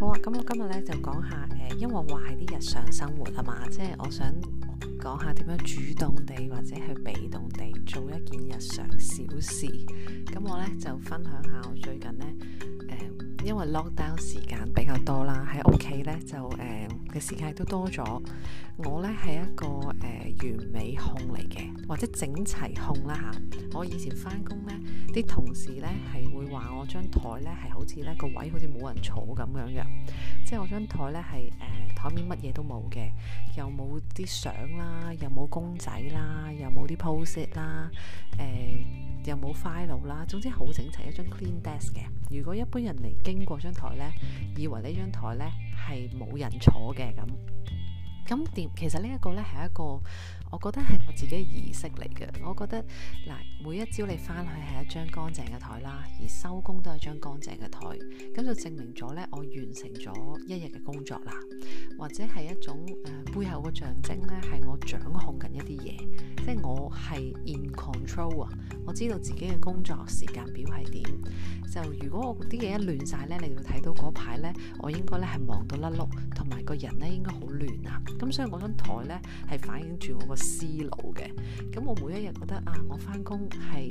好啊，咁我今日咧就講下，誒，因為我話係啲日常生活啊嘛，即係我想講下點樣主動地或者去被動地做一件日常小事，咁我咧就分享下我最近咧。因為 lockdown 時間比較多啦，喺屋企咧就誒嘅、呃、時間亦都多咗。我咧係一個誒、呃、完美控嚟嘅，或者整齊控啦嚇。我以前翻工咧，啲同事咧係會話我張台咧係好似咧個位好似冇人坐咁樣嘅，即係我張台咧係誒。台面乜嘢都冇嘅，又冇啲相啦，又冇公仔啦，又冇啲 post 啦，誒，又冇 file 啦，總之好整齊一張 clean desk 嘅。如果一般人嚟經過張台咧，以為呢張台咧係冇人坐嘅咁，咁其實呢一個咧係一個。我覺得係我自己嘅儀式嚟嘅。我覺得嗱，每一朝你翻去係一張乾淨嘅台啦，而收工都係一張乾淨嘅台，咁就證明咗呢，我完成咗一日嘅工作啦。或者係一種、呃、背後嘅象徵呢，係我掌控緊一啲嘢，即係我係 in control 啊。我知道自己嘅工作時間表係點。就如果我啲嘢一亂晒呢，你就會睇到嗰排呢，我應該呢係忙到甩碌，同埋個人呢應該好亂啊。咁所以嗰張台呢，係反映住我個思路嘅，咁我每一日覺得啊，我返工係誒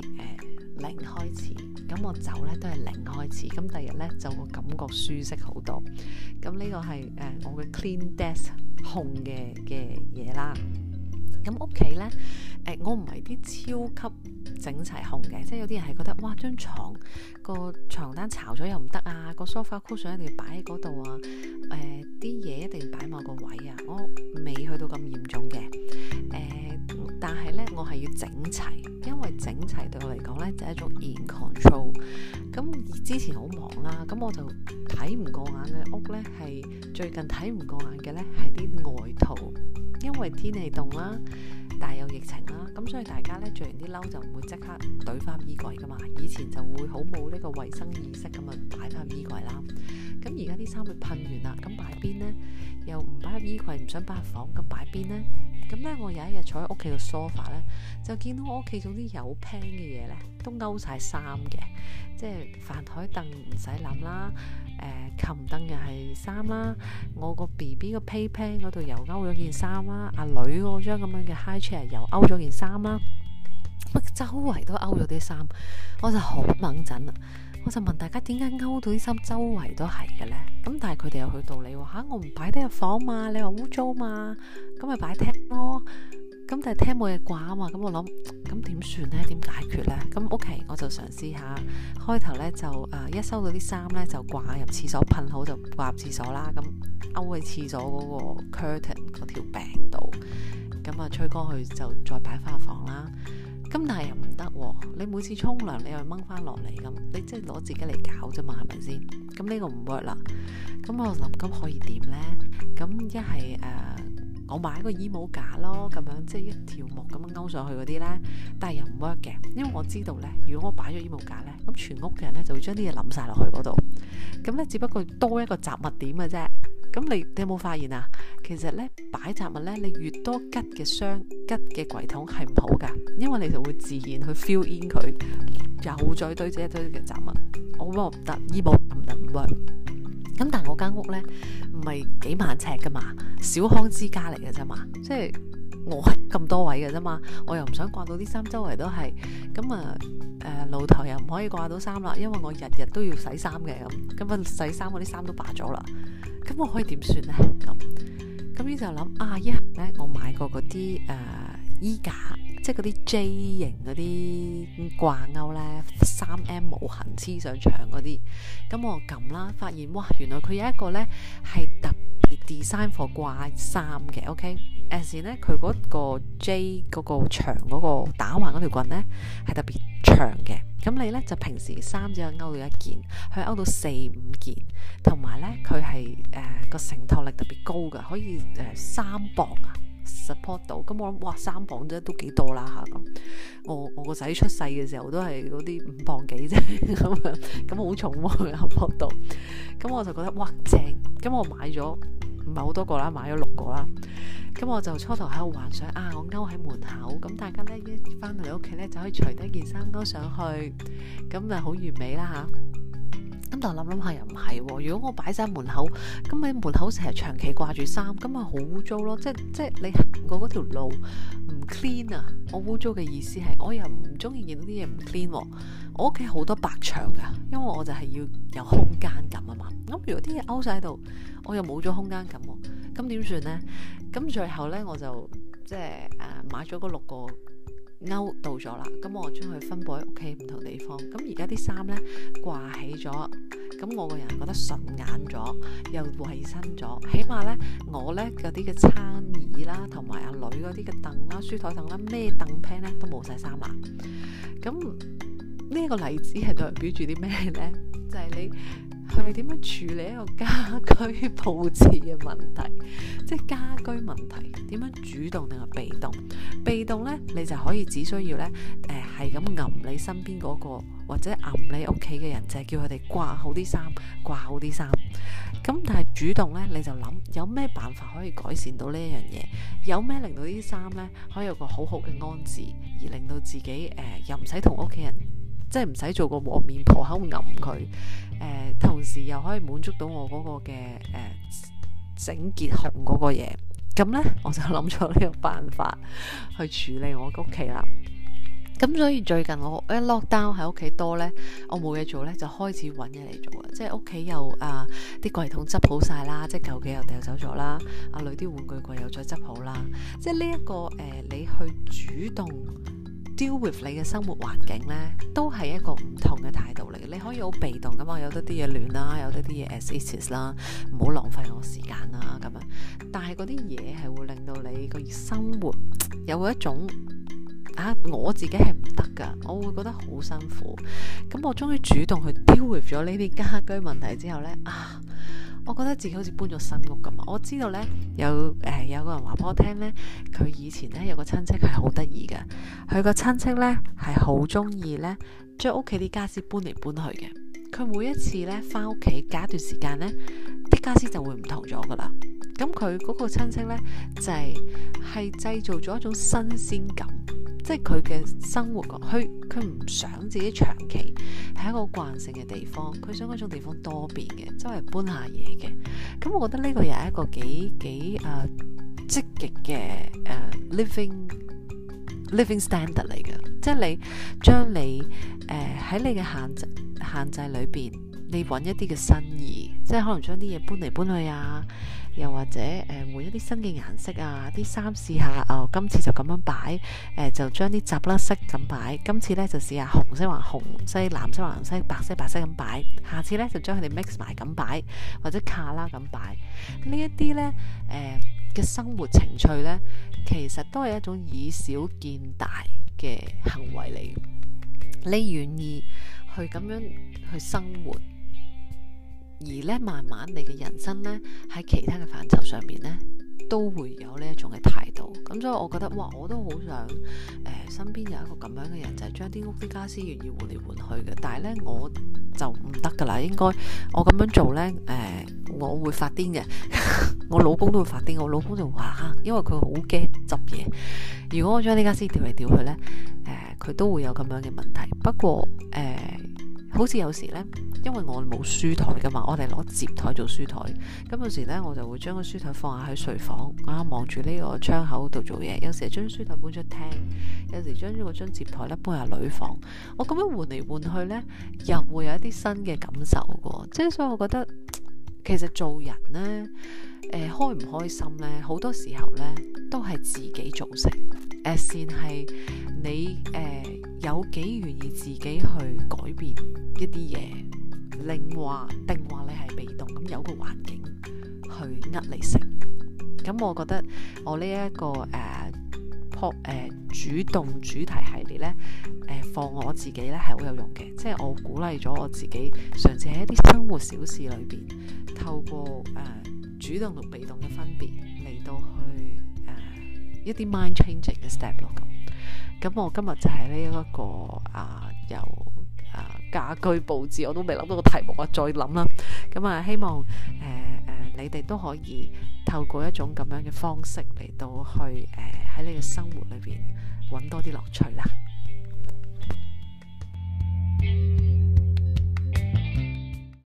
零開始，咁我走咧都係零開始，咁第二日咧就會感覺舒適好多，咁呢個係誒、呃，我嘅 clean desk 控嘅嘅嘢啦。咁屋企咧，誒、呃，我唔係啲超級整齊控嘅，即係有啲人係覺得，哇，張床個床單巢咗又唔得啊，個 sofa cushion 一定要擺喺嗰度啊，誒、呃，啲嘢一定要擺某個位啊，我未去到咁嚴重嘅，誒、呃，但係咧，我係要整齊，因為整齊對我嚟講咧，就係一種 in control。咁之前好忙啦，咁我就睇唔過眼嘅屋咧，係最近睇唔過眼嘅咧，係啲外套。因為天氣凍啦，但係有疫情啦、啊，咁所以大家咧着完啲褸就唔會即刻懟翻衣櫃噶嘛。以前就會好冇呢個衛生意識咁啊，擺翻衣櫃啦。咁而家啲衫會噴完啦，咁擺邊呢？又唔擺入衣櫃，唔想擺入房，咁擺邊呢？咁咧，我有一日坐喺屋企嘅 sofa 咧，就見到我屋企總之有 pen 嘅嘢咧，都勾晒衫嘅，即係飯台凳唔使諗啦，誒、呃、琴凳又係衫啦，我個 B B 個 playpen 嗰度又勾咗件衫啦，阿、啊、女嗰張咁樣嘅 high chair 又勾咗件衫啦，乜、啊、周圍都勾咗啲衫，我就好掹陣啦。我就問大家點解勾到啲衫周圍都係嘅咧？咁但係佢哋有佢道理喎嚇，我唔擺得入房嘛，你話污糟嘛，咁咪擺廳咯。咁但係廳冇嘢掛啊嘛，咁我諗咁點算咧？點解決咧？咁 OK，我就嘗試下。開頭咧就誒一收到啲衫咧就掛入廁所，噴好就掛入廁所啦。咁勾喺廁所嗰個 curtain 嗰條柄度，咁啊吹乾佢就再擺翻入房啦。咁但係又唔得喎，你每次沖涼你又掹翻落嚟咁，你即係攞自己嚟搞啫嘛，係咪先？咁呢個唔 work 啦，咁我諗咁可以點呢？咁一係誒，我買個衣帽架咯，咁樣即係一條木咁樣勾上去嗰啲呢，但係又唔 work 嘅，因為我知道呢，如果我擺咗衣帽架呢，咁全屋嘅人呢就會將啲嘢冧晒落去嗰度，咁呢只不過多一個雜物點嘅啫。咁你你有冇發現啊？其實咧，擺雜物咧，你越多吉嘅箱、吉嘅櫃桶係唔好噶，因為你就會自然去 feel in 佢，又再堆積一堆嘅雜物，oh, well, e-mail, 我話唔得，醫保唔得唔得，咁但係我間屋咧唔係幾萬尺噶嘛，小康之家嚟嘅啫嘛，即係。我咁多位嘅啫嘛，我又唔想掛到啲衫周圍都係，咁啊誒露台又唔可以掛到衫啦，因為我日日都要洗衫嘅，咁咁本洗衫嗰啲衫都霸咗啦，咁我可以點算呢？咁咁於就諗啊，一係咧我買過嗰啲誒衣架，即係嗰啲 J 型嗰啲掛鈎咧，三 M 無痕黐上牆嗰啲，咁我撳啦，發現哇，原來佢有一個咧係特別 design for 掛衫嘅，OK。誒時咧，佢嗰個 J 嗰個長嗰個打橫嗰條棍咧，係特別長嘅。咁你咧就平時三隻勾到一件，佢勾到四五件，同埋咧佢係誒個承托力特別高㗎，可以誒三磅啊 support 到。咁我諗，哇三磅啫都幾多啦嚇咁。我我個仔出世嘅時候都係嗰啲五磅幾啫咁樣，咁好重喎佢 support 到。咁我就覺得哇正，咁我買咗。唔係好多個啦，買咗六個啦。咁我就初頭喺度幻想啊，我勾喺門口，咁大家咧一翻到嚟屋企咧就可以除低件衫勾上去，咁咪好完美啦嚇。啊咁但係諗諗下又唔係喎，如果我擺晒門口，咁喺門口成日長期掛住衫，咁咪好污糟咯。即係即係你行過嗰條路唔 clean 啊？我污糟嘅意思係，我又唔中意見到啲嘢唔 clean 喎。我屋企好多白牆噶，因為我就係要有空間感啊嘛。咁如果啲嘢勾晒喺度，我又冇咗空間感喎，咁點算呢？咁最後呢，我就即係誒、啊、買咗嗰六個。勾到咗啦，咁我將佢分佈喺屋企唔同地方。咁而家啲衫呢，掛起咗，咁我個人覺得順眼咗，又衛生咗。起碼呢，我呢有啲嘅餐椅啦，同埋阿女嗰啲嘅凳啦、書台凳啦，咩凳片呢都冇晒衫啦。咁呢一個例子係代表住啲咩呢？就係你。係咪點樣處理一個家居布置嘅問題，即係家居問題點樣主動定係被動？被動呢，你就可以只需要呢，誒係咁揞你身邊嗰、那個或者揞你屋企嘅人，就係、叫佢哋掛好啲衫，掛好啲衫。咁但係主動呢，你就諗有咩辦法可以改善到呢一樣嘢，有咩令到啲衫呢，可以有個好好嘅安置，而令到自己誒、呃、又唔使同屋企人。即係唔使做個和面婆口揞佢，誒、呃、同時又可以滿足到我嗰個嘅誒、呃、整潔紅嗰個嘢，咁呢，我就諗咗呢個辦法去處理我屋企啦。咁 所以最近我一 lockdown 喺屋企多呢，我冇嘢做呢，就開始揾嘢嚟做啦。即、呃那個、係屋企又啊啲櫃桶執好晒啦，即係舊嘅又掉走咗啦，阿女啲玩具櫃又再執好啦。即係呢一個誒、呃，你去主動。deal with 你嘅生活環境呢，都係一個唔同嘅態度嚟嘅。你可以好被動噶嘛，有得啲嘢亂啦，有得啲嘢 as it is 啦，唔好浪費我時間啦。咁樣。但係嗰啲嘢係會令到你個生活有一種啊，我自己係唔得噶，我會覺得好辛苦。咁我終於主動去 deal with 咗呢啲家居問題之後呢。啊！我覺得自己好似搬咗新屋咁啊！我知道呢，有誒、呃、有個人話俾我聽呢，佢以前呢有個親戚係好得意嘅，佢個親戚呢係好鍾意呢將屋企啲家私搬嚟搬去嘅。佢每一次呢返屋企隔一段時間呢，啲家私就會唔同咗㗎喇。咁佢嗰個親戚呢，就係、係、係製造咗一種新鮮感。即係佢嘅生活咯，佢佢唔想自己長期喺一個慣性嘅地方，佢想嗰種地方多變嘅，周圍搬下嘢嘅。咁我覺得呢個又係一個幾幾誒積極嘅誒 Living Living Standard 嚟嘅，即係你將你誒喺、呃、你嘅限制限制裏邊，你搵一啲嘅新意，即係可能將啲嘢搬嚟搬去啊。又或者，誒、呃，換一啲新嘅顏色啊，啲衫試下。哦，今次就咁樣擺，誒、呃，就將啲雜甩色咁擺。今次咧就試下紅色或紅色，藍色或藍色，白色白色咁擺。下次咧就將佢哋 mix 埋咁擺，或者卡啦咁擺。呢一啲咧，誒、呃、嘅生活情趣咧，其實都係一種以小見大嘅行為嚟。你願意去咁樣去生活？而咧，慢慢你嘅人生呢，喺其他嘅範疇上面呢，都會有呢一種嘅態度。咁所以，我覺得哇，我都好想誒、呃，身邊有一個咁樣嘅人，就係將啲屋啲家私願意換嚟換去嘅。但係呢，我就唔得噶啦，應該我咁樣做呢，誒、呃，我會發癲嘅。 我老公都會發癲，我老公就話啊，因為佢好驚執嘢。如果我將啲家私調嚟調去呢，誒、呃，佢都會有咁樣嘅問題。不過，誒、呃，好似有時呢。因為我冇書枱㗎嘛，我哋攞摺枱做書枱。咁有時呢，我就會將個書枱放下喺睡房啊，望住呢個窗口度做嘢。有時將書枱搬出廳，有時將咗個張摺枱咧搬入女房。我咁樣換嚟換去呢，又會有一啲新嘅感受嘅。即係所以我覺得其實做人呢，誒、呃、開唔開心呢，好多時候呢，都係自己造成，誒、呃，先係你誒、呃、有幾願意自己去改變一啲嘢。令話定話你係被動，咁有個環境去呃你食。咁我覺得我呢、這、一個誒、uh, po、uh, 主動主題系列咧，誒、uh, 放我自己咧係好有用嘅，即係我鼓勵咗我自己，嘗試喺啲生活小事裏邊，透過誒、uh, 主動同被動嘅分別嚟到去誒、uh, 一啲 mind changing 嘅 step 咯。咁，咁我今日就係呢一個啊有。Uh, 家居佈置我都未諗到個題目，我再諗啦。咁啊，希望誒誒、呃呃、你哋都可以透過一種咁樣嘅方式嚟到去誒喺、呃、你嘅生活裏邊揾多啲樂趣啦。